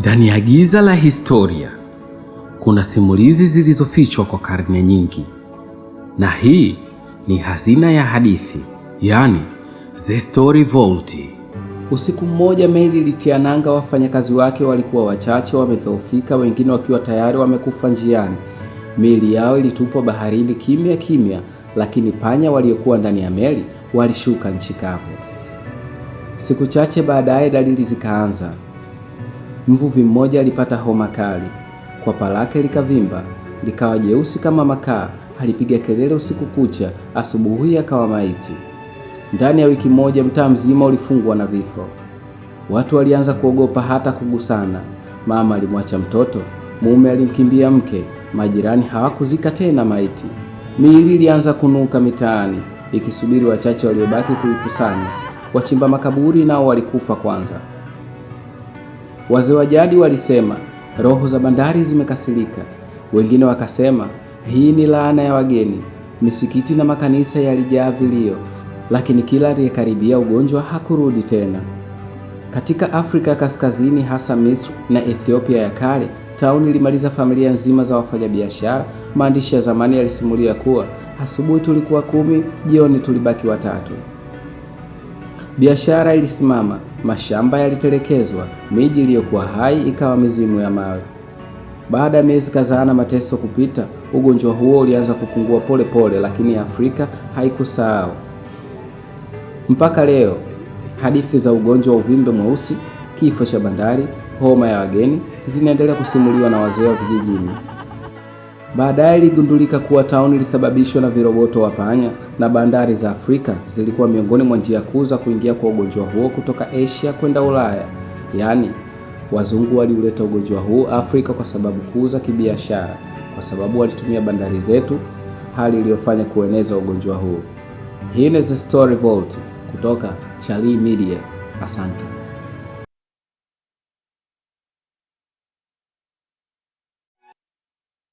Ndani ya giza la historia kuna simulizi zilizofichwa kwa karne nyingi, na hii ni hazina ya hadithi, yaani The Story Vault. Usiku mmoja meli ilitia nanga. Wafanyakazi wake walikuwa wachache, wamedhoofika, wengine wakiwa tayari wamekufa njiani. Meli yao ilitupwa baharini kimya kimya, lakini panya waliokuwa ndani ya meli walishuka nchi kavu. Siku chache baadaye, dalili zikaanza. Mvuvi mmoja alipata homa kali, kwapa lake likavimba likawa jeusi kama makaa. Alipiga kelele usiku kucha, asubuhi akawa maiti. Ndani ya wiki moja mtaa mzima ulifungwa na vifo. Watu walianza kuogopa hata kugusana. Mama alimwacha mtoto, mume alimkimbia mke, majirani hawakuzika tena maiti. Miili ilianza kunuka mitaani ikisubiri wachache waliobaki kuikusanya. Wachimba makaburi nao walikufa kwanza. Wazee wa jadi walisema roho za bandari zimekasirika, wengine wakasema hii ni laana ya wageni. Misikiti na makanisa yalijaa vilio, lakini kila aliyekaribia ugonjwa hakurudi tena. Katika Afrika Kaskazini, hasa Misri na Ethiopia ya kale, tauni ilimaliza familia nzima za wafanyabiashara. Maandishi ya zamani yalisimulia kuwa asubuhi tulikuwa kumi, jioni tulibaki watatu. Biashara ilisimama, mashamba yalitelekezwa, miji iliyokuwa hai ikawa mizimu ya mawe. Baada ya miezi kadhaa na mateso kupita, ugonjwa huo ulianza kupungua pole pole, lakini Afrika haikusahau. Mpaka leo hadithi za ugonjwa wa uvimbe mweusi, kifo cha bandari, homa ya wageni zinaendelea kusimuliwa na wazee wa vijijini. Baadaye iligundulika kuwa tauni ilisababishwa na viroboto wa panya na bandari za Afrika zilikuwa miongoni mwa njia kuu za kuingia kwa ugonjwa huo kutoka Asia kwenda Ulaya. Yaani, wazungu waliuleta ugonjwa huu Afrika kwa sababu kuu za kibiashara, kwa sababu walitumia bandari zetu, hali iliyofanya kueneza ugonjwa huu. Hii ni The Story Vault kutoka Charlie Media. Asante.